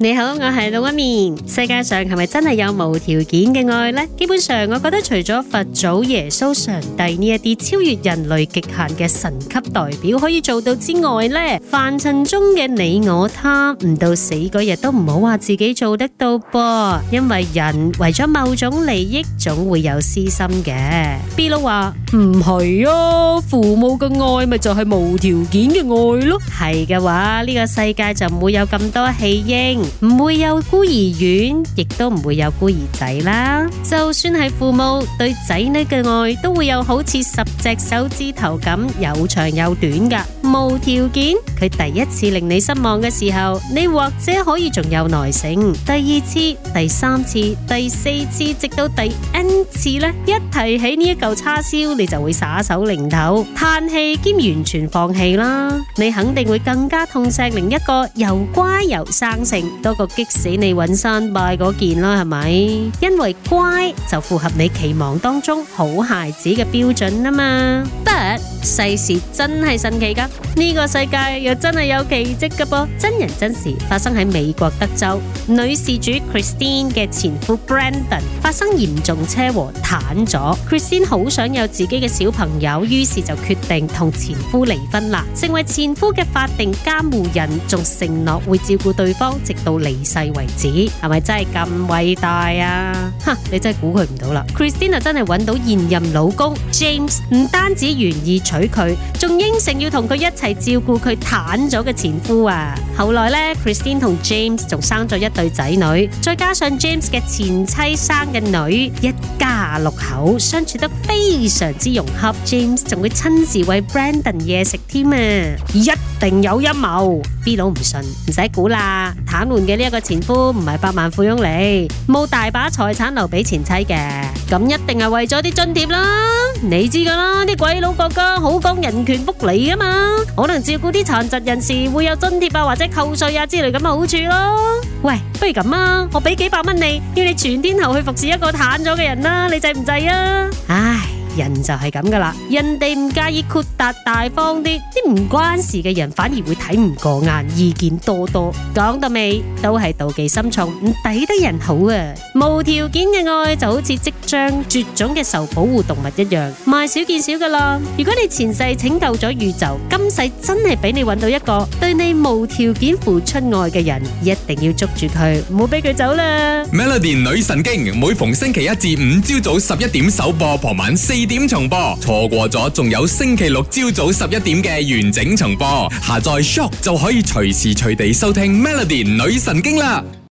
你好，我係龍紋敏。世界上係咪真係有無條件嘅愛呢？基本上，我覺得除咗佛祖、耶穌、上帝呢一啲超越人類極限嘅神級代表可以做到之外呢，凡塵中嘅你我他，唔到死嗰日都唔好話自己做得到噃，因為人為咗某種利益，總會有私心嘅。B 佬話唔係啊，父母嘅愛咪就係無條件嘅愛咯。係嘅話，呢個世界就唔會有咁多棄嬰。唔會有孤兒院，亦都唔會有孤兒仔啦。就算係父母對仔女嘅愛，都會有好似十隻手指頭咁，有長有短㗎。無條件，佢第一次令你失望嘅時候，你或者可以仲有耐性。第二次、第三次、第四次，直到第 N 次咧，一提起呢一嚿叉燒，你就會耍手擰頭、嘆氣兼完全放棄啦。你肯定會更加痛錫另一個又乖又生性，多過激死你搵山拜嗰件啦，係咪？因為乖就符合你期望當中好孩子嘅標準啊嘛。But 世事真係神奇噶～呢個世界又真係有奇蹟噶噃。真人真事發生喺美國德州，女事主 Christine 嘅前夫 Brandon 發生嚴重車禍癱咗。Christine 好想有自己嘅小朋友，於是就決定同前夫離婚啦，成為前夫嘅法定監護人，仲承諾會照顧對方直到離世為止。係咪真係咁偉大啊？哈！你真係估佢唔到啦。Christine 就真係揾到現任老公 James，唔單止願意娶佢，仲應承要同佢一。一齊照顧佢癱咗嘅前夫啊！後來咧，Christine 同 James 仲生咗一對仔女，再加上 James 嘅前妻生嘅女，一家六口相處得非常之融洽。James 仲會親自餵 Brandon 嘢食添啊！一定有陰謀，B 佬唔信，唔使估啦，癱瘓嘅呢一個前夫唔係百萬富翁嚟，冇大把財產留俾前妻嘅。咁一定係為咗啲津貼啦，你知㗎啦，啲鬼佬國家好講人權福利啊嘛，可能照顧啲殘疾人士會有津貼啊或者扣稅啊之類咁嘅好處咯。喂，不如咁啊，我俾幾百蚊你，要你全天候去服侍一個癱咗嘅人啦，你制唔制啊？人就係咁噶啦，人哋唔介意豁達大方啲，啲唔關事嘅人反而會睇唔過眼，意見多多。講到尾都係妒忌心重，唔抵得人好啊！無條件嘅愛就好似即將絕種嘅受保護動物一樣，賣少見少噶啦。如果你前世拯救咗宇宙，今世真係俾你搵到一個對你無條件付出愛嘅人，一定要捉住佢，唔好俾佢走啦。Melody 女神經每逢星期一至五朝早十一點首播，傍晚四點重播。錯過咗，仲有星期六朝早十一點嘅完整重播。下載 Shock 就可以隨時隨地收聽 Melody 女神經啦。